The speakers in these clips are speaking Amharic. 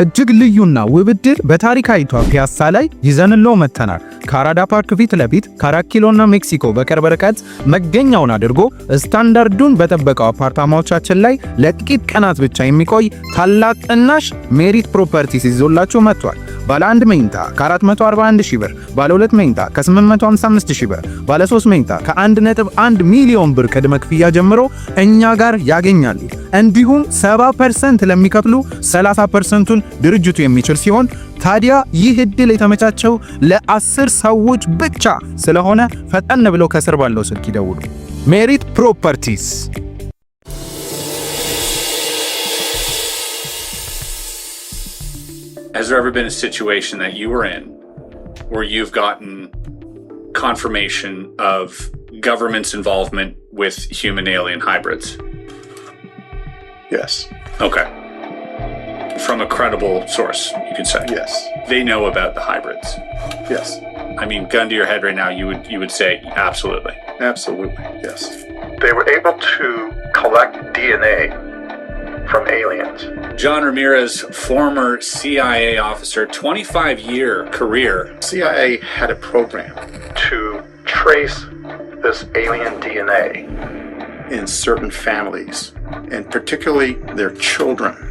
እጅግ ልዩና ውብ ዕድል በታሪካዊቷ ፒያሳ ላይ ይዘንለው መጥተናል። ከአራዳ ፓርክ ፊት ለፊት ከአራት ኪሎና ሜክሲኮ በቅርብ ርቀት መገኛውን አድርጎ ስታንዳርዱን በጠበቀው አፓርታማዎቻችን ላይ ለጥቂት ቀናት ብቻ የሚቆይ ታላቅ ጥናሽ ሜሪት ፕሮፐርቲስ ይዞላችሁ መጥቷል። ባለ 1 መኝታ ከ441 ሺህ ብር፣ ባለ 2 መኝታ ከ855 ሺህ ብር፣ ባለ 3 መኝታ ከ1.1 ሚሊዮን ብር ቅድመ ክፍያ ጀምሮ እኛ ጋር ያገኛሉ። እንዲሁም 70% ለሚከፍሉ 30%ቱን ድርጅቱ የሚችል ሲሆን ታዲያ ይህ እድል የተመቻቸው ለአስር ሰዎች ብቻ ስለሆነ ፈጠን ብለው ከስር ባለው ስልክ ይደውሉ። ሜሪት ፕሮፐርቲስ Has there ever been a situation that you were in where you've gotten confirmation of government's involvement with human alien hybrids? Yes. Okay. from a credible source, you could say. Yes. They know about the hybrids. Yes. I mean, gun to your head right now, you would you would say absolutely. Absolutely. Yes. They were able to collect DNA from aliens. John Ramirez, former CIA officer, 25 year career. CIA had a program to trace this alien DNA in certain families, and particularly their children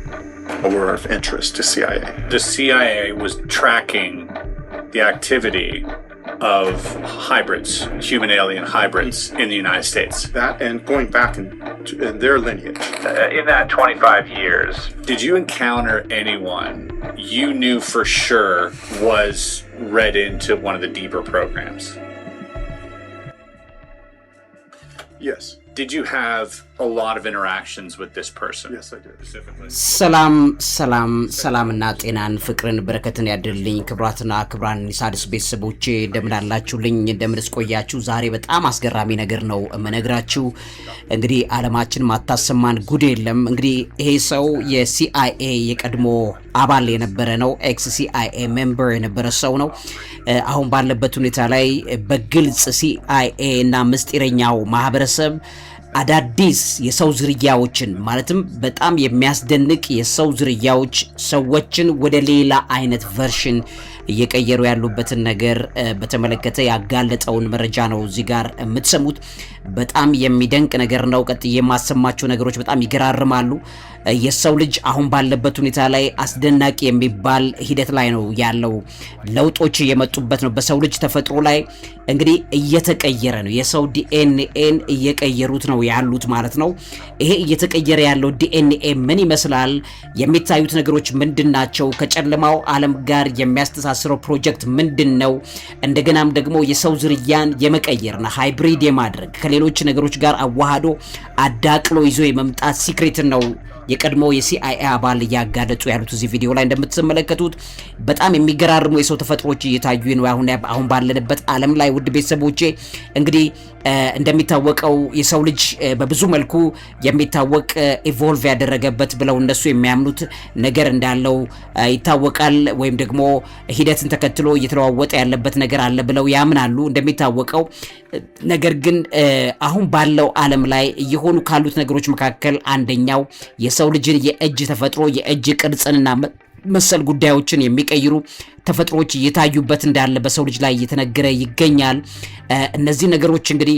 or of interest to CIA? The CIA was tracking the activity of hybrids, human alien hybrids in the United States. That and going back in, in their lineage. Uh, in that 25 years. Did you encounter anyone you knew for sure was read into one of the deeper programs? Yes. Did you have a lot of interactions with this person. Yes, I did. ሰላም ሰላም ሰላምና ጤናን ፍቅርን በረከትን ያድልኝ ክብራትና ክብራን የሣድስ ቤተሰቦቼ እንደምን እንደምንስ ቆያችሁ? ዛሬ በጣም አስገራሚ ነገር ነው የምነግራችሁ። እንግዲህ ዓለማችን ማታሰማን ጉድ የለም። እንግዲህ ይሄ ሰው የሲአይኤ የቀድሞ አባል የነበረ ነው። ኤክስ ሲአይኤ ሜምበር የነበረ ሰው ነው። አሁን ባለበት ሁኔታ ላይ በግልጽ ሲአይኤ እና ምስጢረኛው ማህበረሰብ አዳዲስ የሰው ዝርያዎችን ማለትም በጣም የሚያስደንቅ የሰው ዝርያዎች ሰዎችን ወደ ሌላ አይነት ቨርሽን እየቀየሩ ያሉበትን ነገር በተመለከተ ያጋለጠውን መረጃ ነው እዚህ ጋር የምትሰሙት። በጣም የሚደንቅ ነገር ነው። ቀጥዬ የማሰማቸው ነገሮች በጣም ይገራርማሉ። የሰው ልጅ አሁን ባለበት ሁኔታ ላይ አስደናቂ የሚባል ሂደት ላይ ነው ያለው። ለውጦች እየመጡበት ነው በሰው ልጅ ተፈጥሮ ላይ እንግዲህ እየተቀየረ ነው። የሰው ዲኤንኤን እየቀየሩት ነው ያሉት ማለት ነው። ይሄ እየተቀየረ ያለው ዲኤንኤ ምን ይመስላል? የሚታዩት ነገሮች ምንድን ናቸው? ከጨለማው ዓለም ጋር የሚያስተሳስ የምታስረው ፕሮጀክት ምንድን ነው? እንደገናም ደግሞ የሰው ዝርያን የመቀየርና ሃይብሪድ የማድረግ ከሌሎች ነገሮች ጋር አዋህዶ አዳቅሎ ይዞ የመምጣት ሲክሬትን ነው የቀድሞ የሲአይኤ አባል እያጋለጡ ያሉት እዚህ ቪዲዮ ላይ እንደምትመለከቱት በጣም የሚገራርሙ የሰው ተፈጥሮች እየታዩ ነው አሁን አሁን ባለንበት ዓለም ላይ ውድ ቤተሰቦቼ እንግዲህ እንደሚታወቀው የሰው ልጅ በብዙ መልኩ የሚታወቅ ኢቮልቭ ያደረገበት ብለው እነሱ የሚያምኑት ነገር እንዳለው ይታወቃል። ወይም ደግሞ ሂደትን ተከትሎ እየተለዋወጠ ያለበት ነገር አለ ብለው ያምናሉ እንደሚታወቀው። ነገር ግን አሁን ባለው ዓለም ላይ እየሆኑ ካሉት ነገሮች መካከል አንደኛው የሰው ልጅን የእጅ ተፈጥሮ የእጅ ቅርጽንና መሰል ጉዳዮችን የሚቀይሩ ተፈጥሮዎች እየታዩበት እንዳለ በሰው ልጅ ላይ እየተነገረ ይገኛል። እነዚህ ነገሮች እንግዲህ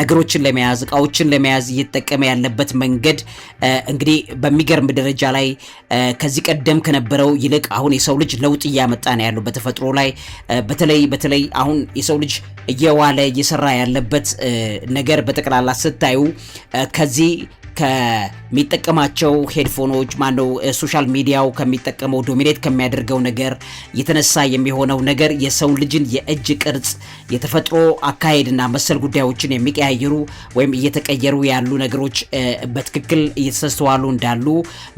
ነገሮችን ለመያዝ እቃዎችን ለመያዝ እየተጠቀመ ያለበት መንገድ እንግዲህ በሚገርም ደረጃ ላይ ከዚህ ቀደም ከነበረው ይልቅ አሁን የሰው ልጅ ለውጥ እያመጣ ነው ያለው በተፈጥሮ ላይ በተለይ በተለይ አሁን የሰው ልጅ እየዋለ እየሰራ ያለበት ነገር በጠቅላላ ስታዩ ከዚህ ከሚጠቀማቸው ሄድፎኖች ማነው ሶሻል ሚዲያው ከሚጠቀመው ዶሚኔት ከሚያደርገው ነገር የተነሳ የሚሆነው ነገር የሰው ልጅን የእጅ ቅርጽ፣ የተፈጥሮ አካሄድና መሰል ጉዳዮችን የሚቀያየሩ ወይም እየተቀየሩ ያሉ ነገሮች በትክክል እየተስተዋሉ እንዳሉ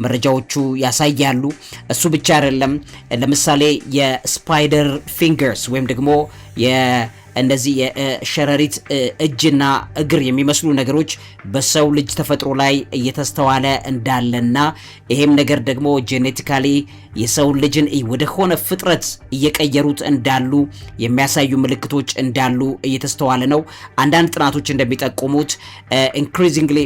መረጃዎቹ ያሳያሉ። እሱ ብቻ አይደለም። ለምሳሌ የስፓይደር ፊንገርስ ወይም ደግሞ እንደዚህ የሸረሪት እጅና እግር የሚመስሉ ነገሮች በሰው ልጅ ተፈጥሮ ላይ እየተስተዋለ እንዳለና ይሄም ነገር ደግሞ ጄኔቲካሊ የሰው ልጅን ወደሆነ ፍጥረት እየቀየሩት እንዳሉ የሚያሳዩ ምልክቶች እንዳሉ እየተስተዋለ ነው። አንዳንድ ጥናቶች እንደሚጠቁሙት ኢንክሪዚንግሊ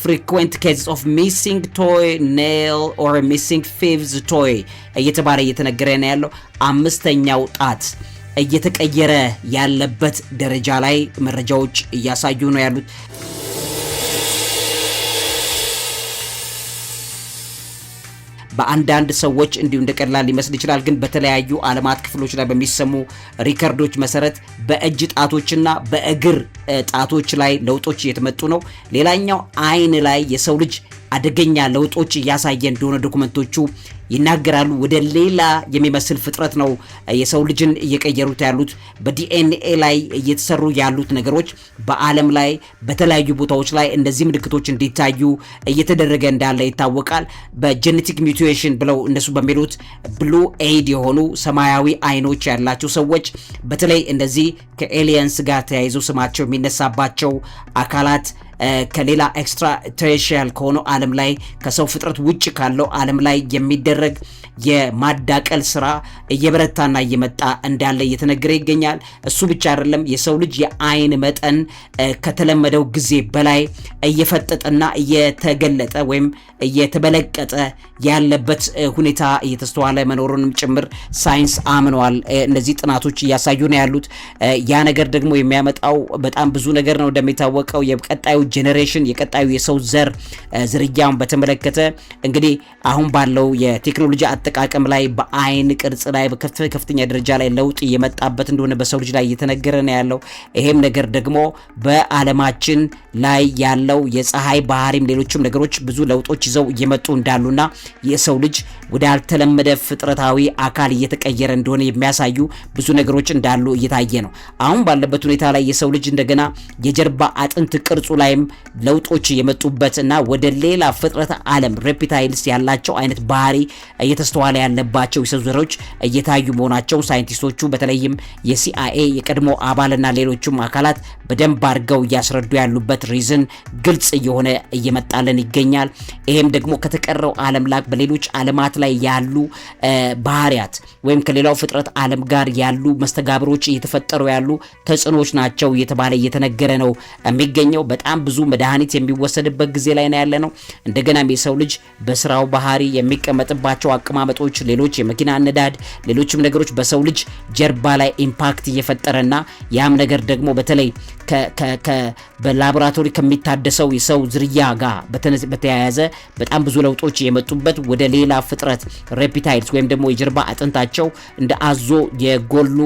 ፍሪኩዌንት ኬዝስ ኦፍ ሚሲንግ ቶይ ኔል ኦር ሚሲንግ ፊቭዝ ቶይ እየተባለ እየተነገረ ነው ያለው አምስተኛው ጣት እየተቀየረ ያለበት ደረጃ ላይ መረጃዎች እያሳዩ ነው ያሉት። በአንዳንድ ሰዎች እንዲሁ እንደ ቀላል ሊመስል ይችላል፣ ግን በተለያዩ ዓለማት ክፍሎች ላይ በሚሰሙ ሪከርዶች መሰረት በእጅ ጣቶችና በእግር ጣቶች ላይ ለውጦች እየተመጡ ነው። ሌላኛው አይን ላይ የሰው ልጅ አደገኛ ለውጦች እያሳየ እንደሆነ ዶኩመንቶቹ ይናገራሉ። ወደ ሌላ የሚመስል ፍጥረት ነው የሰው ልጅን እየቀየሩት ያሉት። በዲኤንኤ ላይ እየተሰሩ ያሉት ነገሮች በዓለም ላይ በተለያዩ ቦታዎች ላይ እነዚህ ምልክቶች እንዲታዩ እየተደረገ እንዳለ ይታወቃል። በጄኔቲክ ሚውቴሽን ብለው እነሱ በሚሉት ብሉ ኤይድ የሆኑ ሰማያዊ አይኖች ያላቸው ሰዎች በተለይ እነዚህ ከኤሊየንስ ጋር ተያይዞ ስማቸው የሚነሳባቸው አካላት ከሌላ ኤክስትራ ቴሬሽያል ከሆነው ዓለም ላይ ከሰው ፍጥረት ውጭ ካለው ዓለም ላይ የሚደረግ የማዳቀል ስራ እየበረታና እየመጣ እንዳለ እየተነገረ ይገኛል። እሱ ብቻ አይደለም፣ የሰው ልጅ የአይን መጠን ከተለመደው ጊዜ በላይ እየፈጠጠና እየተገለጠ ወይም እየተበለቀጠ ያለበት ሁኔታ እየተስተዋለ መኖሩንም ጭምር ሳይንስ አምነዋል። እነዚህ ጥናቶች እያሳዩ ነው ያሉት። ያ ነገር ደግሞ የሚያመጣው በጣም ብዙ ነገር ነው። እንደሚታወቀው የቀጣዩ ጄኔሬሽን የቀጣዩ የሰው ዘር ዝርያውን በተመለከተ እንግዲህ አሁን ባለው የቴክኖሎጂ አጠቃቀም ላይ በአይን ቅርጽ ላይ ከፍተኛ ደረጃ ላይ ለውጥ እየመጣበት እንደሆነ በሰው ልጅ ላይ እየተነገረ ነው ያለው። ይሄም ነገር ደግሞ በዓለማችን ላይ ያለው የፀሐይ ባህሪም ሌሎችም ነገሮች ብዙ ለውጦች ይዘው እየመጡ እንዳሉና የሰው ልጅ ወዳልተለመደ ፍጥረታዊ አካል እየተቀየረ እንደሆነ የሚያሳዩ ብዙ ነገሮች እንዳሉ እየታየ ነው። አሁን ባለበት ሁኔታ ላይ የሰው ልጅ እንደገና የጀርባ አጥንት ቅርጹ ላይም ለውጦች የመጡበት እና ወደ ሌላ ፍጥረት ዓለም ሬፕታይልስ ያላቸው አይነት ባህሪ እየተስ ማስተዋል ያለባቸው የሰው እየታዩ መሆናቸው ሳይንቲስቶቹ በተለይም የሲአይኤ የቀድሞ አባልና ሌሎችም አካላት በደንብ አድርገው እያስረዱ ያሉበት ሪዝን ግልጽ እየሆነ እየመጣልን ይገኛል። ይሄም ደግሞ ከተቀረው ዓለም ላይ በሌሎች ዓለማት ላይ ያሉ ባህሪያት ወይም ከሌላው ፍጥረት ዓለም ጋር ያሉ መስተጋብሮች እየተፈጠሩ ያሉ ተጽዕኖዎች ናቸው እየተባለ እየተነገረ ነው የሚገኘው። በጣም ብዙ መድኃኒት የሚወሰድበት ጊዜ ላይ ነው ያለ ነው። እንደገናም የሰው ልጅ በስራው ባህሪ የሚቀመጥባቸው አቅማ መቆማመጦች፣ ሌሎች የመኪና አነዳድ፣ ሌሎችም ነገሮች በሰው ልጅ ጀርባ ላይ ኢምፓክት እየፈጠረና ያም ነገር ደግሞ በተለይ በላቦራቶሪ ከሚታደሰው የሰው ዝርያ ጋር በተያያዘ በጣም ብዙ ለውጦች የመጡበት ወደ ሌላ ፍጥረት ሬፒታይልስ ወይም ደግሞ የጀርባ አጥንታቸው እንደ አዞ የጎሉ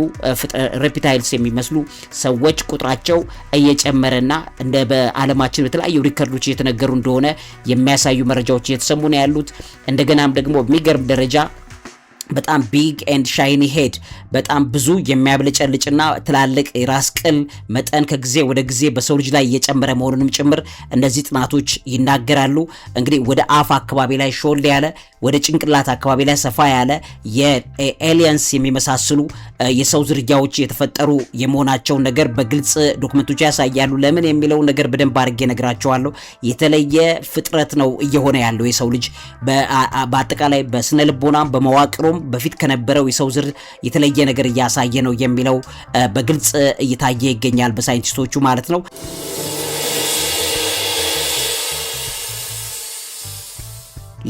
ሬፒታይልስ የሚመስሉ ሰዎች ቁጥራቸው እየጨመረና እንደ በዓለማችን በተለያዩ ሪከርዶች እየተነገሩ እንደሆነ የሚያሳዩ መረጃዎች እየተሰሙ ነው ያሉት። እንደገናም ደግሞ በሚገርም ደረጃ በጣም ቢግ ኤንድ ሻይኒ ሄድ በጣም ብዙ የሚያብለጨልጭና ትላልቅ የራስ ቅል መጠን ከጊዜ ወደ ጊዜ በሰው ልጅ ላይ እየጨመረ መሆኑንም ጭምር እነዚህ ጥናቶች ይናገራሉ። እንግዲህ ወደ አፍ አካባቢ ላይ ሾል ያለ ወደ ጭንቅላት አካባቢ ላይ ሰፋ ያለ የኤሊየንስ የሚመሳስሉ የሰው ዝርያዎች የተፈጠሩ የመሆናቸውን ነገር በግልጽ ዶክመንቶች ያሳያሉ። ለምን የሚለው ነገር በደንብ አድርጌ ነግራቸዋለሁ። የተለየ ፍጥረት ነው እየሆነ ያለው የሰው ልጅ በአጠቃላይ በስነ ልቦናም በመዋቅሩም በፊት ከነበረው የሰው ዝር የተለየ ነገር እያሳየ ነው የሚለው በግልጽ እየታየ ይገኛል በሳይንቲስቶቹ ማለት ነው።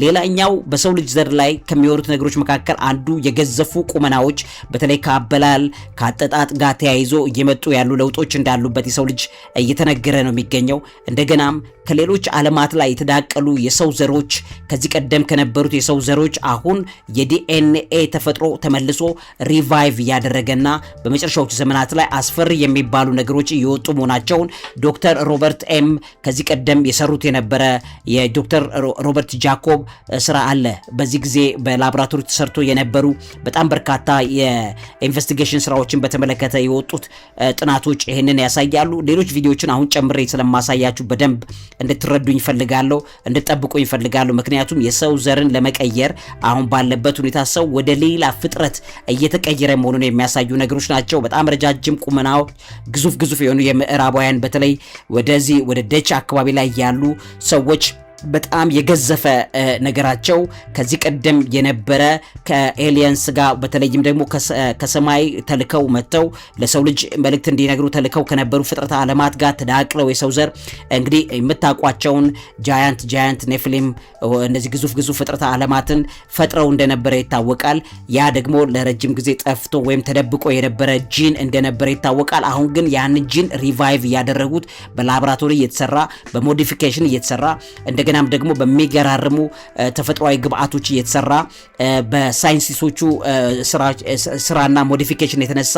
ሌላኛው በሰው ልጅ ዘር ላይ ከሚወሩት ነገሮች መካከል አንዱ የገዘፉ ቁመናዎች በተለይ ከአበላል ከአጠጣጥ ጋር ተያይዞ እየመጡ ያሉ ለውጦች እንዳሉበት የሰው ልጅ እየተነገረ ነው የሚገኘው። እንደገናም ከሌሎች ዓለማት ላይ የተዳቀሉ የሰው ዘሮች ከዚህ ቀደም ከነበሩት የሰው ዘሮች አሁን የዲኤንኤ ተፈጥሮ ተመልሶ ሪቫይቭ እያደረገና በመጨረሻዎቹ ዘመናት ላይ አስፈሪ የሚባሉ ነገሮች እየወጡ መሆናቸውን ዶክተር ሮበርት ኤም ከዚህ ቀደም የሰሩት የነበረ የዶክተር ሮበርት ጃኮብ ስራ አለ። በዚህ ጊዜ በላቦራቶሪ ተሰርቶ የነበሩ በጣም በርካታ የኢንቨስቲጌሽን ስራዎችን በተመለከተ የወጡት ጥናቶች ይህንን ያሳያሉ። ሌሎች ቪዲዮዎችን አሁን ጨምሬ ስለማሳያችሁ በደንብ እንድትረዱ ይፈልጋለሁ፣ እንድጠብቁ ይፈልጋለሁ። ምክንያቱም የሰው ዘርን ለመቀየር አሁን ባለበት ሁኔታ ሰው ወደ ሌላ ፍጥረት እየተቀየረ መሆኑን የሚያሳዩ ነገሮች ናቸው። በጣም ረጃጅም ቁመና ግዙፍ ግዙፍ የሆኑ የምዕራባውያን በተለይ ወደዚህ ወደ ደች አካባቢ ላይ ያሉ ሰዎች በጣም የገዘፈ ነገራቸው ከዚህ ቀደም የነበረ ከኤሊየንስ ጋር በተለይም ደግሞ ከሰማይ ተልከው መጥተው ለሰው ልጅ መልእክት እንዲነግሩ ተልከው ከነበሩ ፍጥረት ዓለማት ጋር ተዳቅለው የሰው ዘር እንግዲህ የምታውቋቸውን ጃያንት ጃያንት ኔፍሊም እነዚህ ግዙፍ ግዙፍ ፍጥረት ዓለማትን ፈጥረው እንደነበረ ይታወቃል። ያ ደግሞ ለረጅም ጊዜ ጠፍቶ ወይም ተደብቆ የነበረ ጂን እንደነበረ ይታወቃል። አሁን ግን ያን ጂን ሪቫይቭ እያደረጉት በላቦራቶሪ እየተሰራ በሞዲፊኬሽን እየተሰራ እንደ እንደገናም ደግሞ በሚገራርሙ ተፈጥሯዊ ግብአቶች እየተሰራ በሳይንቲስቶቹ ስራና ሞዲፊኬሽን የተነሳ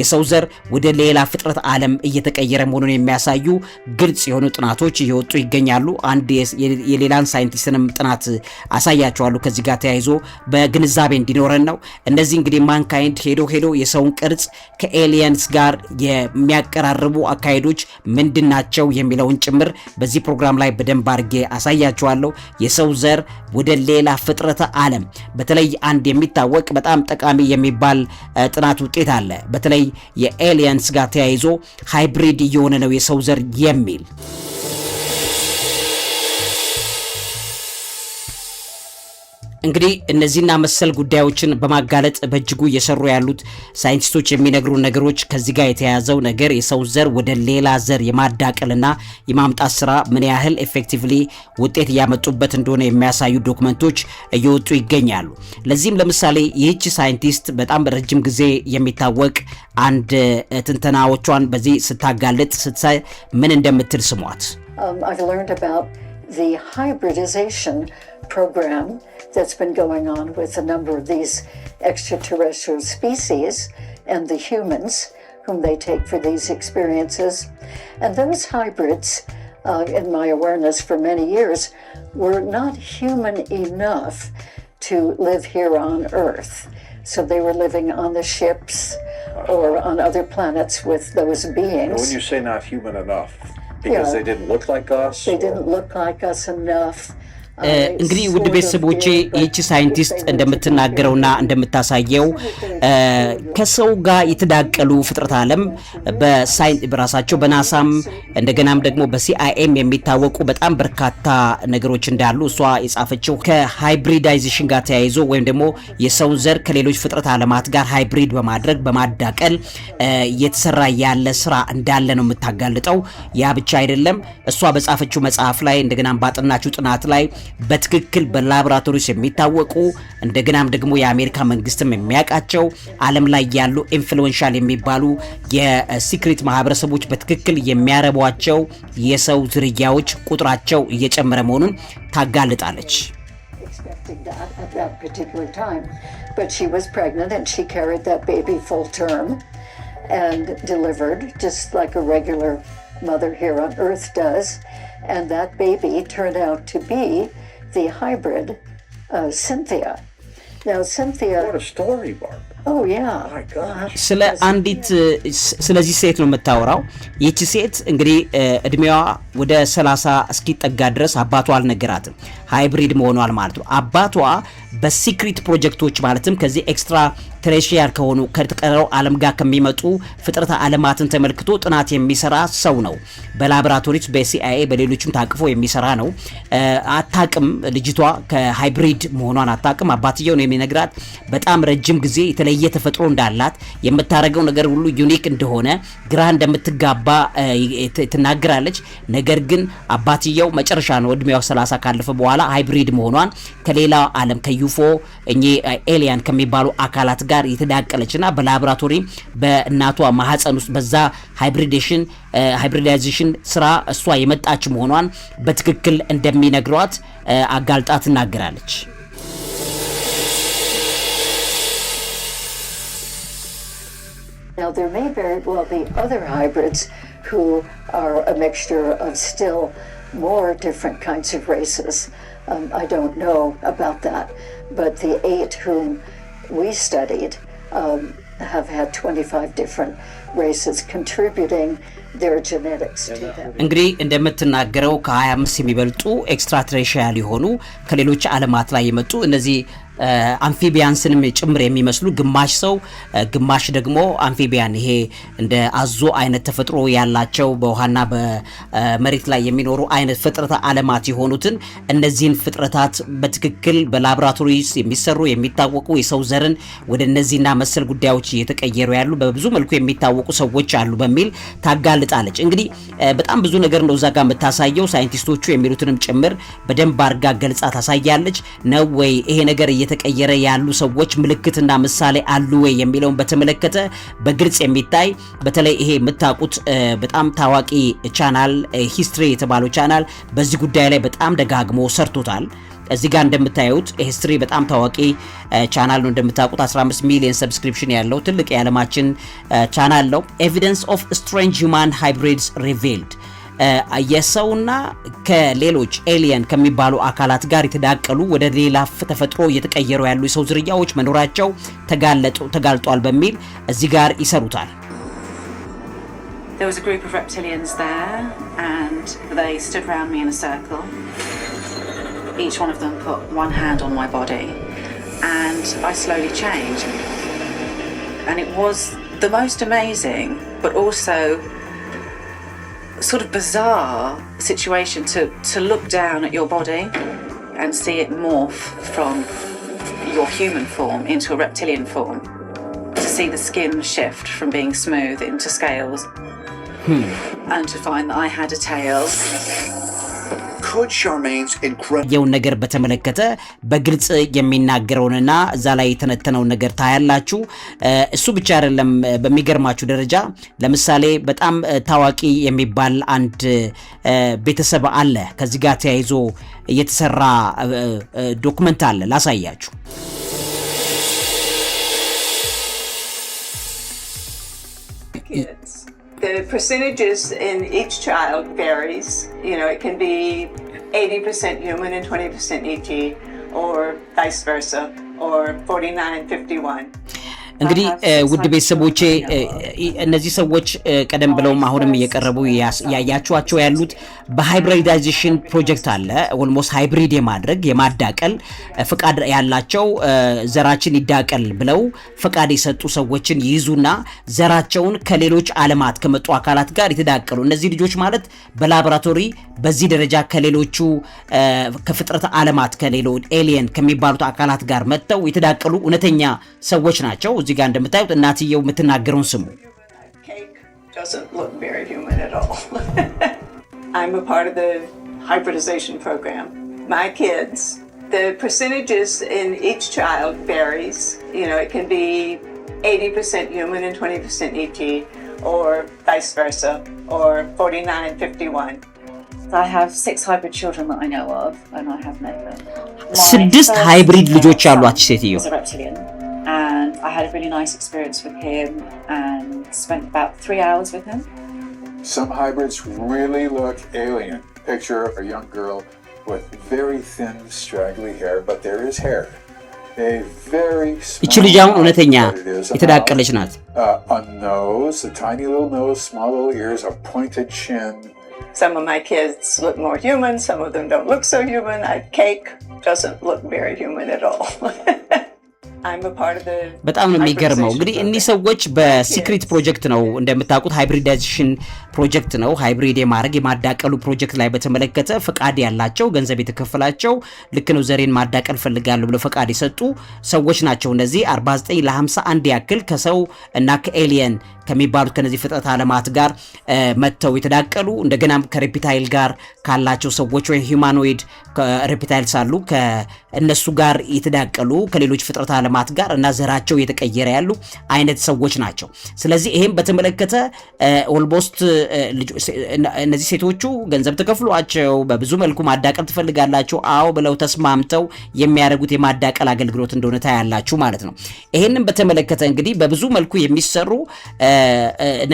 የሰው ዘር ወደ ሌላ ፍጥረት ዓለም እየተቀየረ መሆኑን የሚያሳዩ ግልጽ የሆኑ ጥናቶች እየወጡ ይገኛሉ። አንድ የሌላን ሳይንቲስትንም ጥናት አሳያቸዋሉ ከዚህ ጋር ተያይዞ በግንዛቤ እንዲኖረን ነው። እነዚህ እንግዲህ ማንካይንድ ሄዶ ሄዶ የሰውን ቅርጽ ከኤሊየንስ ጋር የሚያቀራርቡ አካሄዶች ምንድን ናቸው የሚለውን ጭምር በዚህ ፕሮግራም ላይ በደንብ አድርጌ አሳ አሳያችኋለሁ። የሰው ዘር ወደ ሌላ ፍጥረተ ዓለም በተለይ አንድ የሚታወቅ በጣም ጠቃሚ የሚባል ጥናት ውጤት አለ። በተለይ የኤሊየንስ ጋር ተያይዞ ሃይብሪድ እየሆነ ነው የሰው ዘር የሚል እንግዲህ እነዚህና መሰል ጉዳዮችን በማጋለጥ በእጅጉ እየሰሩ ያሉት ሳይንቲስቶች የሚነግሩ ነገሮች ከዚህ ጋር የተያያዘው ነገር የሰው ዘር ወደ ሌላ ዘር የማዳቀልና የማምጣት ስራ ምን ያህል ኤፌክቲቭሊ ውጤት እያመጡበት እንደሆነ የሚያሳዩ ዶክመንቶች እየወጡ ይገኛሉ። ለዚህም ለምሳሌ ይህች ሳይንቲስት በጣም ረጅም ጊዜ የሚታወቅ አንድ ትንተናዎቿን በዚህ ስታጋለጥ ስትሳይ ምን እንደምትል ስሟት። um, program that's been going on with a number of these extraterrestrial species and the humans whom they take for these experiences. And those hybrids, uh, in my awareness for many years, were not human enough to live here on Earth. So they were living on the ships or on other planets with those beings. When you say not human enough, because yeah. they didn't look like us? They or? didn't look like us enough. እንግዲህ ውድ ቤተሰቦቼ ይህቺ ሳይንቲስት እንደምትናገረውና እንደምታሳየው ከሰው ጋር የተዳቀሉ ፍጥረት አለም በራሳቸው በናሳም እንደገናም ደግሞ በሲአይኤም የሚታወቁ በጣም በርካታ ነገሮች እንዳሉ እሷ የጻፈችው ከሃይብሪዳይዜሽን ጋር ተያይዞ ወይም ደግሞ የሰውን ዘር ከሌሎች ፍጥረት አለማት ጋር ሃይብሪድ በማድረግ በማዳቀል እየተሰራ ያለ ስራ እንዳለ ነው የምታጋልጠው። ያ ብቻ አይደለም። እሷ በጻፈችው መጽሐፍ ላይ እንደገናም ባጠናችው ጥናት ላይ በትክክል በላቦራቶሪስ የሚታወቁ እንደገናም ደግሞ የአሜሪካ መንግስትም የሚያውቃቸው ዓለም ላይ ያሉ ኢንፍሉዌንሻል የሚባሉ የሲክሪት ማህበረሰቦች በትክክል የሚያረቧቸው የሰው ዝርያዎች ቁጥራቸው እየጨመረ መሆኑን ታጋልጣለች። the hybrid uh, Cynthia. Now, Cynthia. What a story, Barb. Oh, oh, ስለ አንዲት ስለዚህ ሴት ነው የምታወራው። ይቺ ሴት እንግዲህ እድሜዋ ወደ 30 እስኪጠጋ ድረስ አባቷ አልነገራትም። ሃይብሪድ መሆኗል ማለት ነው። አባቷ በሲክሪት ፕሮጀክቶች ማለትም ከዚህ ኤክስትራ ትሬሺያር ከሆኑ ከተቀረው ዓለም ጋር ከሚመጡ ፍጥረተ ዓለማትን ተመልክቶ ጥናት የሚሰራ ሰው ነው። በላቦራቶሪስ በሲአይኤ በሌሎችም ታቅፎ የሚሰራ ነው። አታቅም ልጅቷ ከሃይብሪድ መሆኗን አታቅም። አባትየው ነው የሚነግራት። በጣም ረጅም ጊዜ የተለየ ተፈጥሮ እንዳላት የምታደርገው ነገር ሁሉ ዩኒክ እንደሆነ ግራ እንደምትጋባ ትናገራለች። ነገር ግን አባትየው መጨረሻ ነው እድሜዋ 30 ካለፈ በኋላ ሃይብሪድ መሆኗን ከሌላ ዓለም ከዩፎ እኚህ ኤሊያን ከሚባሉ አካላት ጋር ጋር የተዳቀለችና በላብራቶሪ በእናቷ ማህፀን ውስጥ በዛ ሃይብሪዴሽን ሃይብሪዳይዜሽን ስራ እሷ የመጣች መሆኗን በትክክል እንደሚነግሯት አጋልጣ ትናገራለች። more different kinds of races. Um, I don't we studied um, have had 25 different races contributing their genetics to them. እንግዲህ እንደምትናገረው ከ25 የሚበልጡ ኤክስትራ ኤክስትራትሬሽናል የሆኑ ከሌሎች ዓለማት ላይ የመጡ እነዚህ አንፊቢያንስንም ጭምር የሚመስሉ ግማሽ ሰው ግማሽ ደግሞ አንፊቢያን ይሄ እንደ አዞ አይነት ተፈጥሮ ያላቸው በውሃና በመሬት ላይ የሚኖሩ አይነት ፍጥረታ አለማት የሆኑትን እነዚህን ፍጥረታት በትክክል በላብራቶሪ የሚሰሩ የሚታወቁ የሰው ዘርን ወደ እነዚህና መሰል ጉዳዮች እየተቀየሩ ያሉ በብዙ መልኩ የሚታወቁ ሰዎች አሉ በሚል ታጋልጣለች። እንግዲህ በጣም ብዙ ነገር ነው እዛ ጋር የምታሳየው። ሳይንቲስቶቹ የሚሉትንም ጭምር በደንብ አድርጋ ገልጻ ታሳያለች። ነው ወይ ይሄ ነገር እየተቀየረ ያሉ ሰዎች ምልክትና ምሳሌ አሉ ወይ የሚለውን በተመለከተ በግልጽ የሚታይ በተለይ ይሄ የምታውቁት በጣም ታዋቂ ቻናል ሂስትሪ የተባለው ቻናል በዚህ ጉዳይ ላይ በጣም ደጋግሞ ሰርቶታል። እዚህ ጋር እንደምታዩት ሂስትሪ በጣም ታዋቂ ቻናል ነው። እንደምታውቁት 15 ሚሊዮን ሰብስክሪፕሽን ያለው ትልቅ የዓለማችን ቻናል ነው። ኤቪደንስ ኦፍ ስትሬንጅ ሁማን ሃይብሪድስ ሪቪልድ የሰውና ከሌሎች ኤሊየን ከሚባሉ አካላት ጋር የተዳቀሉ ወደ ሌላ ተፈጥሮ እየተቀየሩ ያሉ የሰው ዝርያዎች መኖራቸው ተጋልጧል በሚል እዚህ ጋር ይሰሩታል። ን sort of bizarre situation to, to look down at your body and see it morph from your human form into a reptilian form. To see the skin shift from being smooth into scales. Hmm. And to find that I had a tail. የውን ነገር በተመለከተ በግልጽ የሚናገረውንና እዛ ላይ የተነተነውን ነገር ታያላችሁ። እሱ ብቻ አይደለም። በሚገርማችሁ ደረጃ ለምሳሌ በጣም ታዋቂ የሚባል አንድ ቤተሰብ አለ። ከዚህ ጋር ተያይዞ የተሰራ ዶክመንት አለ፣ ላሳያችሁ። The percentages in each child varies. You know, it can be 80% human and 20% ET, or vice versa, or 49 51. እንግዲህ ውድ ቤተሰቦቼ እነዚህ ሰዎች ቀደም ብለውም አሁንም እየቀረቡ ያያችኋቸው ያሉት በሃይብሪዳይዜሽን ፕሮጀክት አለ። ኦልሞስት ሃይብሪድ የማድረግ የማዳቀል ፍቃድ ያላቸው ዘራችን ይዳቀል ብለው ፍቃድ የሰጡ ሰዎችን ይይዙና ዘራቸውን ከሌሎች አለማት ከመጡ አካላት ጋር የተዳቀሉ እነዚህ ልጆች ማለት በላቦራቶሪ በዚህ ደረጃ ከሌሎቹ ከፍጥረት አለማት ከሌሎ ኤሊየን ከሚባሉት አካላት ጋር መጥተው የተዳቀሉ እውነተኛ ሰዎች ናቸው። እዚህ ጋር እንደምታዩት እናትየው የምትናገረውን ስሙ። ስድስት ሃይብሪድ ልጆች ያሏት ሴትዮ and um, I had a really nice experience with him and spent about three hours with him. Some hybrids really look alien. Picture a young girl with very thin, straggly hair, but there is hair. A A uh, a very. It's nose, nose, tiny little small little ears, a pointed chin. Some of my kids look more human, some of them don't look so human. cake doesn't look very human at all. በጣም ነው የሚገርመው። እንግዲህ እኒህ ሰዎች በሲክሪት ፕሮጀክት ነው እንደምታውቁት ሃይብሪዳይዜሽን ፕሮጀክት ነው። ሃይብሪድ የማድረግ የማዳቀሉ ፕሮጀክት ላይ በተመለከተ ፈቃድ ያላቸው ገንዘብ የተከፈላቸው ልክ ነው ዘሬን ማዳቀል ፈልጋለሁ ብለው ፈቃድ የሰጡ ሰዎች ናቸው። እነዚህ 49 ለ51 ያክል ከሰው እና ከኤሊየን ከሚባሉት ከነዚህ ፍጥረት ዓለማት ጋር መጥተው የተዳቀሉ እንደገናም ከሬፒታይል ጋር ካላቸው ሰዎች ወይ ሂማኖይድ ሬፒታይል ሳሉ ከእነሱ ጋር የተዳቀሉ ከሌሎች ፍጥረት ዓለማት ጋር እና ዘራቸው እየተቀየረ ያሉ አይነት ሰዎች ናቸው። ስለዚህ ይሄም በተመለከተ ኦልሞስት እነዚህ ሴቶቹ ገንዘብ ተከፍሏቸው በብዙ መልኩ ማዳቀል ትፈልጋላቸው አዎ ብለው ተስማምተው የሚያደርጉት የማዳቀል አገልግሎት እንደሆነ ታያላችሁ ማለት ነው። ይሄንን በተመለከተ እንግዲህ በብዙ መልኩ የሚሰሩ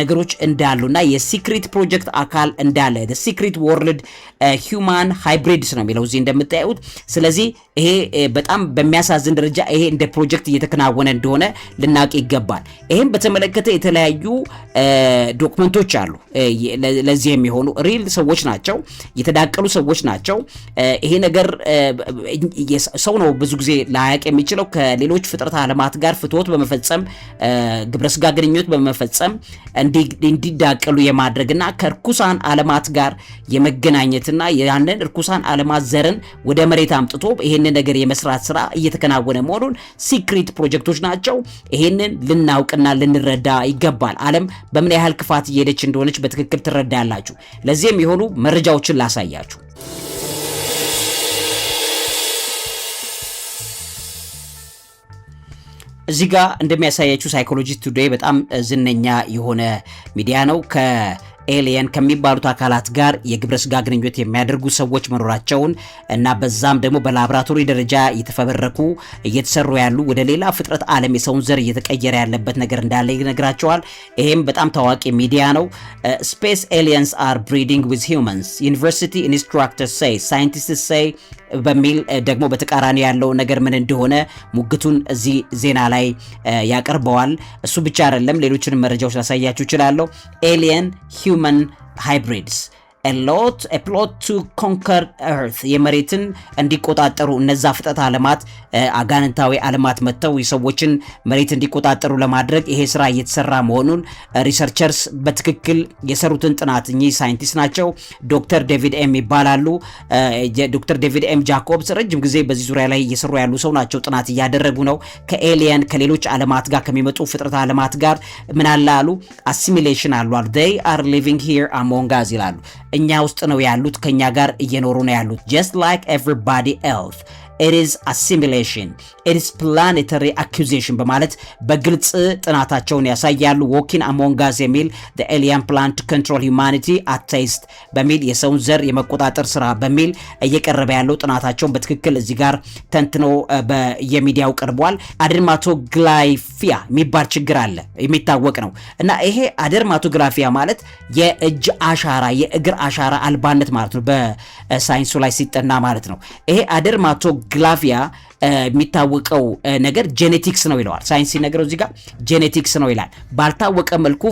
ነገሮች እንዳሉና የሲክሪት ፕሮጀክት አካል እንዳለ ሲክሪት ወርልድ ሂውማን ሃይብሪድስ ነው የሚለው እዚህ እንደምታዩት። ስለዚህ ይሄ በጣም በሚያሳዝን ደረጃ ይሄ እንደ ፕሮጀክት እየተከናወነ እንደሆነ ልናውቅ ይገባል። ይህም በተመለከተ የተለያዩ ዶክመንቶች አሉ ለዚህ የሚሆኑ ሪል ሰዎች ናቸው፣ የተዳቀሉ ሰዎች ናቸው። ይሄ ነገር ሰው ነው ብዙ ጊዜ ላያቅ የሚችለው ከሌሎች ፍጥረት አለማት ጋር ፍትወት በመፈጸም ግብረስጋ ግንኙነት በመፈጸም እንዲዳቀሉ የማድረግና ከርኩሳን አለማት ጋር የመገናኘትና ያንን እርኩሳን አለማት ዘርን ወደ መሬት አምጥቶ ይሄንን ነገር የመስራት ስራ እየተከናወነ መሆኑን ሲክሪት ፕሮጀክቶች ናቸው። ይሄንን ልናውቅና ልንረዳ ይገባል። አለም በምን ያህል ክፋት እየሄደች እንደሆነች በትክክል ትረዳላችሁ። ለዚህም የሆኑ መረጃዎችን ላሳያችሁ። እዚህ ጋር እንደሚያሳያችሁ ሳይኮሎጂ ቱዴይ በጣም ዝነኛ የሆነ ሚዲያ ነው። ኤሊየን ከሚባሉት አካላት ጋር የግብረ ስጋ ግንኙነት የሚያደርጉ ሰዎች መኖራቸውን እና በዛም ደግሞ በላብራቶሪ ደረጃ የተፈበረኩ እየተሰሩ ያሉ ወደ ሌላ ፍጥረት ዓለም የሰውን ዘር እየተቀየረ ያለበት ነገር እንዳለ ይነግራቸዋል። ይህም በጣም ታዋቂ ሚዲያ ነው። ስፔስ ኤሊየንስ አር ብሪዲንግ ዊዝ ሂውማንስ ዩኒቨርሲቲ ኢንስትራክተር ሳይ ሳይንቲስት ሳይ በሚል uh, ደግሞ በተቃራኒ ያለው ነገር ምን እንደሆነ ሙግቱን እዚህ ዜና ላይ uh, ያቀርበዋል። እሱ ብቻ አይደለም፣ ሌሎችንም መረጃዎች ላሳያችሁ ይችላለሁ። ኤሊየን human hybrids ሎት ፕሎት ቱ ኮንከር to የመሬትን እንዲቆጣጠሩ እነዛ ፍጥረት ዓለማት አጋንንታዊ ዓለማት መጥተው የሰዎችን መሬት እንዲቆጣጠሩ ለማድረግ ይሄ ስራ እየተሰራ መሆኑን ሪሰርቸርስ በትክክል የሰሩትን ጥናት እኚህ ሳይንቲስት ናቸው። ዶክተር ዴቪድ ኤም ይባላሉ። ዶክተር ዴቪድ ኤም ጃኮብስ ረጅም ጊዜ በዚህ ዙሪያ ላይ እየሰሩ ያሉ ሰው ናቸው። ጥናት እያደረጉ ነው። ከኤሊየን ከሌሎች ዓለማት ጋር ከሚመጡ ፍጥረት ዓለማት ጋር ምናላሉ አሲሚሌሽን አሉ አሉ ዴይ አር ሊቪንግ ሂር አሞንጋዝ ይላሉ እኛ ውስጥ ነው ያሉት፣ ከኛ ጋር እየኖሩ ነው ያሉት ጀስት ላይክ ኤቨሪባዲ ኤልስ ኢትስ አሲሚሌሽን ኢትስ ፕላኔታሪ አኪዜሽን በማለት በግልጽ ጥናታቸውን ያሳያሉ። ዎኪን አሞንጋዝ የሚል ኤሊያን ፕላንት ኮንትሮል ሂውማኒቲ አቴስት በሚል የሰውን ዘር የመቆጣጠር ስራ በሚል እየቀረበ ያለው ጥናታቸውን በትክክል እዚህ ጋር ተንትኖ የሚዲያው ቀርቧል። አደርማቶግላይፊያ የሚባል ችግር አለ የሚታወቅ ነው እና ይሄ ግላፊያ ማለት የእጅ አሻራ የእግር አሻራ አልባነት ማለት ነው። በሳይንሱ ላይ ሲጠና ማለት ነው። ይሄ አደርማቶ ግላቪያ የሚታወቀው ነገር ጄኔቲክስ ነው ይለዋል። ሳይንስ ሲነገረው እዚህ ጋር ጄኔቲክስ ነው ይላል። ባልታወቀ መልኩ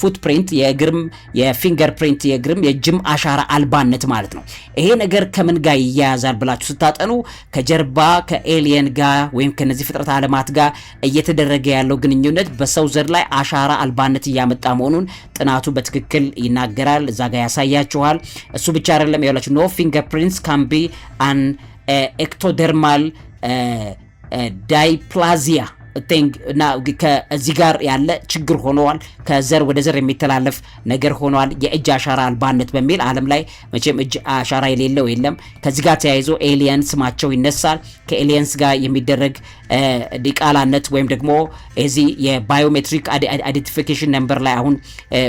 ፉትፕሪንት የእግርም የፊንገር ፕሪንት የእግርም የእጅም አሻራ አልባነት ማለት ነው። ይሄ ነገር ከምን ጋር ይያያዛል ብላችሁ ስታጠኑ ከጀርባ ከኤሊየን ጋር ወይም ከነዚህ ፍጥረት አለማት ጋር እየተደረገ ያለው ግንኙነት በሰው ዘር ላይ አሻራ አልባነት እያመጣ መሆኑን ጥናቱ በትክክል ይናገራል። እዛ ጋር ያሳያችኋል። እሱ ብቻ አይደለም ያላችሁ ኖ ፊንገር ፕሪንትስ ካን ቢ አን ኤክቶደርማል ዳይፕላዚያ ቲንግ እና ከዚህ ጋር ያለ ችግር ሆነዋል። ከዘር ወደ ዘር የሚተላለፍ ነገር ሆነዋል። የእጅ አሻራ አልባነት በሚል ዓለም ላይ መቼም እጅ አሻራ የሌለው የለም። ከዚህ ጋር ተያይዞ ኤሊየን ስማቸው ይነሳል። ከኤሊየንስ ጋር የሚደረግ ዲቃላነት ወይም ደግሞ እዚህ የባዮሜትሪክ አይዴንቲፊኬሽን ነምበር ላይ አሁን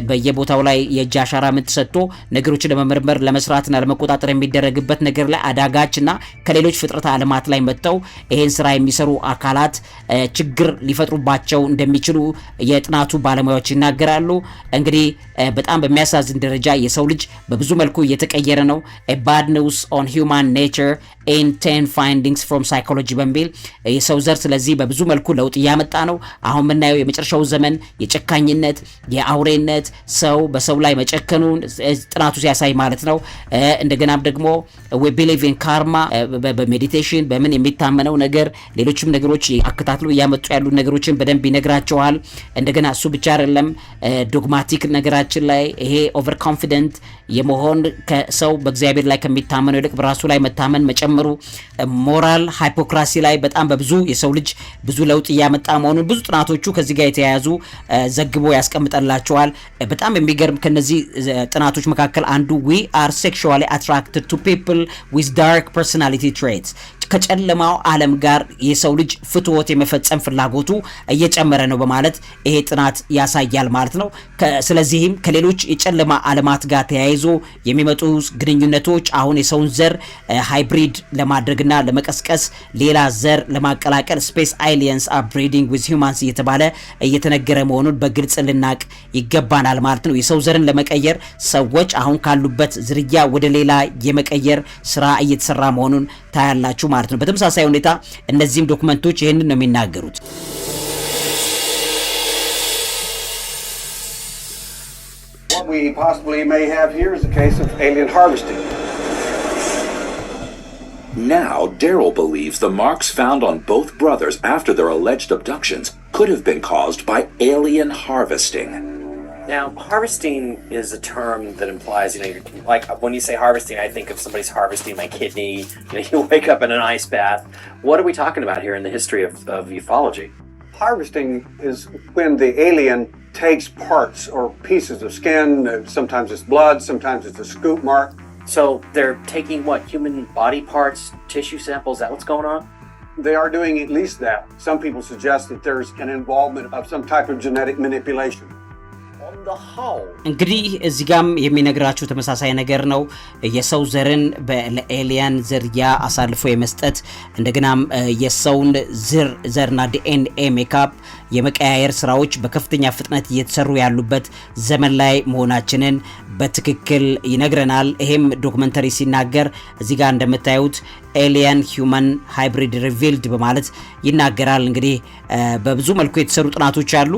በየቦታው ላይ የእጅ አሻራ ምን ተሰጥቶ ነገሮችን ለመመርመር ለመስራትና ለመቆጣጠር የሚደረግበት ነገር ላይ አዳጋች እና ከሌሎች ፍጥረት አለማት ላይ መጥተው ይሄን ስራ የሚሰሩ አካላት ችግር ችግር ሊፈጥሩባቸው እንደሚችሉ የጥናቱ ባለሙያዎች ይናገራሉ። እንግዲህ በጣም በሚያሳዝን ደረጃ የሰው ልጅ በብዙ መልኩ እየተቀየረ ነው። ባድ ኒውስ ኦን ሂውማን ኔቸር ኤን ቴን ፋይንዲንግስ ፍሮም ሳይኮሎጂ በሚል የሰው ዘር ስለዚህ በብዙ መልኩ ለውጥ እያመጣ ነው። አሁን የምናየው የመጨረሻው ዘመን የጨካኝነት፣ የአውሬነት ሰው በሰው ላይ መጨከኑን ጥናቱ ሲያሳይ ማለት ነው። እንደገናም ደግሞ ዊ ቢሊቭ ኢን ካርማ በሜዲቴሽን በምን የሚታመነው ነገር ሌሎችም ነገሮች አከታትሎ እያመጡ ያሉ ነገሮችን በደንብ ይነግራቸዋል። እንደገና እሱ ብቻ አይደለም ዶግማቲክ ነገራችን ላይ ይሄ ኦቨር ኮንፊደንት የመሆን ከሰው በእግዚአብሔር ላይ ከሚታመነው ይልቅ በራሱ ላይ መታመን መጨመሩ፣ ሞራል ሃይፖክራሲ ላይ በጣም በብዙ የሰው ልጅ ብዙ ለውጥ እያመጣ መሆኑን ብዙ ጥናቶቹ ከዚህ ጋር የተያያዙ ዘግቦ ያስቀምጠላቸዋል። በጣም የሚገርም ከነዚህ ጥናቶች መካከል አንዱ ዊ አር ሴክሹዋሊ አትራክትድ ቱ ፒፕል ዊዝ ዳርክ ፐርሶናሊቲ ትሬትስ ከጨለማው ዓለም ጋር የሰው ልጅ ፍትወት የመፈጸም ፍላጎቱ እየጨመረ ነው በማለት ይሄ ጥናት ያሳያል ማለት ነው። ስለዚህም ከሌሎች የጨለማ ዓለማት ጋር ተያይዞ የሚመጡ ግንኙነቶች አሁን የሰውን ዘር ሃይብሪድ ለማድረግና ለመቀስቀስ ሌላ ዘር ለማቀላቀል ስፔስ አይሊየንስ አፕግሬዲንግ ዊዝ ሂውማንስ እየተባለ እየተነገረ መሆኑን በግልጽ ልናቅ ይገባናል ማለት ነው። የሰው ዘርን ለመቀየር ሰዎች አሁን ካሉበት ዝርያ ወደ ሌላ የመቀየር ስራ እየተሰራ መሆኑን ታያላችሁ ማለት ማለት ነው። በተመሳሳይ ሁኔታ እነዚህም ዶክመንቶች ይህንን ነው የሚናገሩት። Now, Daryl believes the marks found on both brothers after their alleged abductions could have been caused by alien harvesting. Now, harvesting is a term that implies, you know, like when you say harvesting, I think of somebody's harvesting my kidney. You, know, you wake up in an ice bath. What are we talking about here in the history of, of ufology? Harvesting is when the alien takes parts or pieces of skin. Uh, sometimes it's blood, sometimes it's a scoop mark. So they're taking what? Human body parts, tissue samples? Is that what's going on? They are doing at least that. Some people suggest that there's an involvement of some type of genetic manipulation. እንግዲህ እዚህ ጋም የሚነግራችሁ ተመሳሳይ ነገር ነው። የሰው ዘርን ለኤሊያን ዝርያ አሳልፎ የመስጠት እንደገናም የሰውን ዘርና ዲኤንኤ ሜካፕ የመቀያየር ስራዎች በከፍተኛ ፍጥነት እየተሰሩ ያሉበት ዘመን ላይ መሆናችንን በትክክል ይነግረናል። ይሄም ዶክመንተሪ ሲናገር እዚህ ጋር እንደምታዩት ኤሊየን ሂውማን ሃይብሪድ ሪቪልድ በማለት ይናገራል። እንግዲህ በብዙ መልኩ የተሰሩ ጥናቶች አሉ።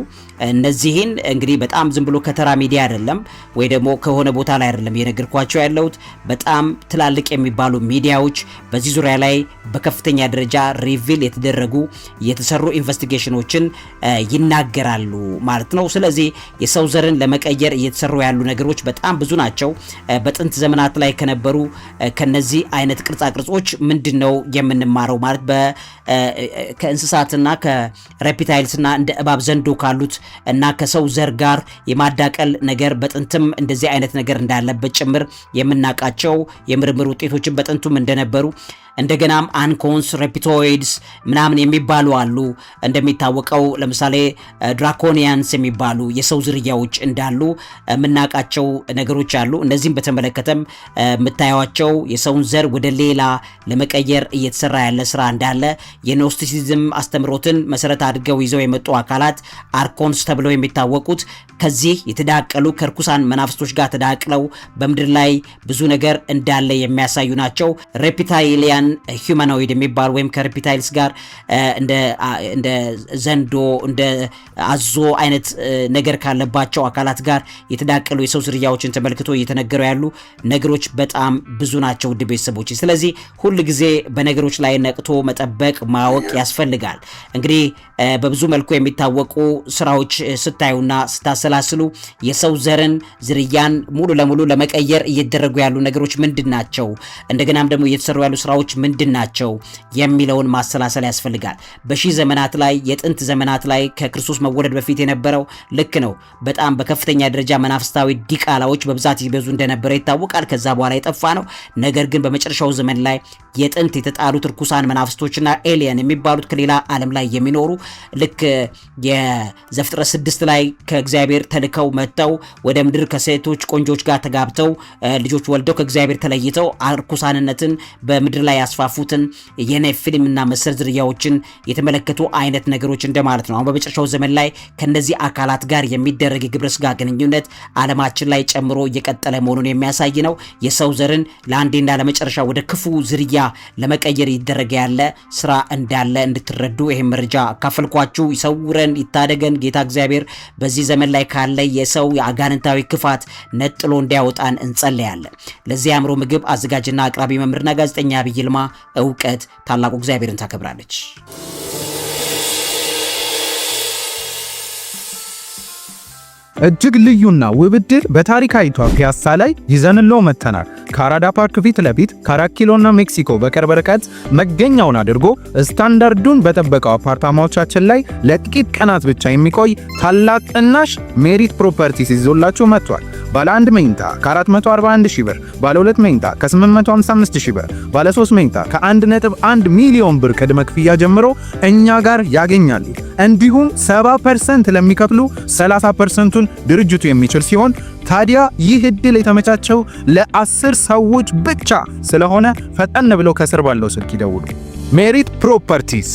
እነዚህን እንግዲህ በጣም ዝም ብሎ ከተራ ሚዲያ አይደለም ወይ ደግሞ ከሆነ ቦታ ላይ አይደለም እየነገርኳቸው ያለሁት። በጣም ትላልቅ የሚባሉ ሚዲያዎች በዚህ ዙሪያ ላይ በከፍተኛ ደረጃ ሪቪል የተደረጉ የተሰሩ ኢንቨስቲጌሽኖችን ይናገራሉ ማለት ነው። ስለዚህ የሰው ዘርን ለመቀየር እየተሰሩ ያሉ ነገሮች በጣም ብዙ ናቸው። በጥንት ዘመናት ላይ ከነበሩ ከነዚህ አይነት ቅርጻ ቅርጾች ምንድን ነው የምንማረው? ማለት ከእንስሳትና ከሬፕታይልስና እንደ እባብ ዘንዶ ካሉት እና ከሰው ዘር ጋር የማዳቀል ነገር በጥንትም እንደዚህ አይነት ነገር እንዳለበት ጭምር የምናውቃቸው የምርምር ውጤቶችን በጥንቱም እንደነበሩ እንደገናም አንኮንስ ሬፒቶይድስ ምናምን የሚባሉ አሉ። እንደሚታወቀው ለምሳሌ ድራኮኒያንስ የሚባሉ የሰው ዝርያዎች እንዳሉ የምናውቃቸው ነገሮች አሉ። እነዚህም በተመለከተም የምታዩቸው የሰውን ዘር ወደ ሌላ ለመቀየር እየተሰራ ያለ ስራ እንዳለ የኖስቲሲዝም አስተምሮትን መሰረት አድርገው ይዘው የመጡ አካላት አርኮንስ ተብለው የሚታወቁት ከዚህ የተዳቀሉ ከርኩሳን መናፍስቶች ጋር ተዳቅለው በምድር ላይ ብዙ ነገር እንዳለ የሚያሳዩ ናቸው። ሬፕታይሊያን ሁማኖይድ የሚባል ወይም ከሪፒታይልስ ጋር እንደ ዘንዶ እንደ አዞ አይነት ነገር ካለባቸው አካላት ጋር የተዳቀሉ የሰው ዝርያዎችን ተመልክቶ እየተነገሩ ያሉ ነገሮች በጣም ብዙ ናቸው፣ ውድ ቤተሰቦች። ስለዚህ ሁል ጊዜ በነገሮች ላይ ነቅቶ መጠበቅ ማወቅ ያስፈልጋል። እንግዲህ በብዙ መልኩ የሚታወቁ ስራዎች ስታዩና ስታሰላስሉ የሰው ዘርን ዝርያን ሙሉ ለሙሉ ለመቀየር እየደረጉ ያሉ ነገሮች ምንድን ናቸው? እንደገናም ደግሞ እየተሰሩ ያሉ ስራዎች ምክንያቶች ምንድን ናቸው የሚለውን ማሰላሰል ያስፈልጋል። በሺህ ዘመናት ላይ የጥንት ዘመናት ላይ ከክርስቶስ መወለድ በፊት የነበረው ልክ ነው፣ በጣም በከፍተኛ ደረጃ መናፍስታዊ ዲቃላዎች በብዛት ይበዙ እንደነበረ ይታወቃል። ከዛ በኋላ የጠፋ ነው። ነገር ግን በመጨረሻው ዘመን ላይ የጥንት የተጣሉት ርኩሳን መናፍስቶችና ኤሊየን የሚባሉት ከሌላ ዓለም ላይ የሚኖሩ ልክ የዘፍጥረት ስድስት ላይ ከእግዚአብሔር ተልከው መጥተው ወደ ምድር ከሴቶች ቆንጆች ጋር ተጋብተው ልጆች ወልደው ከእግዚአብሔር ተለይተው ርኩሳንነትን በምድር ላይ ያስፋፉትን የነ ፊልምና መሰል ዝርያዎችን የተመለከቱ አይነት ነገሮች እንደማለት ነው። አሁን በመጨረሻው ዘመን ላይ ከነዚህ አካላት ጋር የሚደረግ የግብረ ስጋ ግንኙነት ዓለማችን ላይ ጨምሮ እየቀጠለ መሆኑን የሚያሳይ ነው። የሰው ዘርን ለአንዴና ለመጨረሻ ወደ ክፉ ዝርያ ለመቀየር ይደረገ ያለ ስራ እንዳለ እንድትረዱ ይህም መረጃ ካፈልኳችሁ። ይሰውረን ይታደገን ጌታ እግዚአብሔር በዚህ ዘመን ላይ ካለ የሰው የአጋንንታዊ ክፋት ነጥሎ እንዲያወጣን እንጸለያለን። ለዚህ አእምሮ ምግብ አዘጋጅና አቅራቢ መምህርና ጋዜጠኛ ዐቢይ እልማ እውቀት ታላቁ እግዚአብሔርን ታከብራለች። እጅግ ልዩና ውብ በታሪክ በታሪካዊቷ ፒያሳ ላይ ይዘንሎ መጥተናል። ከአራዳ ፓርክ ፊት ለፊት ከአራት ኪሎና ሜክሲኮ በቅርብ ርቀት መገኛውን አድርጎ ስታንዳርዱን በጠበቀው አፓርታማዎቻችን ላይ ለጥቂት ቀናት ብቻ የሚቆይ ታላቅ ጥናሽ ሜሪት ፕሮፐርቲ ይዞላችሁ መጥቷል። ባለ 1 መኝታ ከ441 ሺህ ብር፣ ባለ 2 መኝታ ከ855 ሺህ ብር፣ ባለ 3 መኝታ ከ1.1 ሚሊዮን ብር ቅድመ ክፍያ ጀምሮ እኛ ጋር ያገኛሉ። እንዲሁም 70% ለሚከፍሉ 30%ቱን ድርጅቱ የሚችል ሲሆን ታዲያ ይህ እድል የተመቻቸው ለአስር ሰዎች ብቻ ስለሆነ ፈጠን ብለው ከስር ባለው ስልክ ይደውሉ። ሜሪት ፕሮፐርቲስ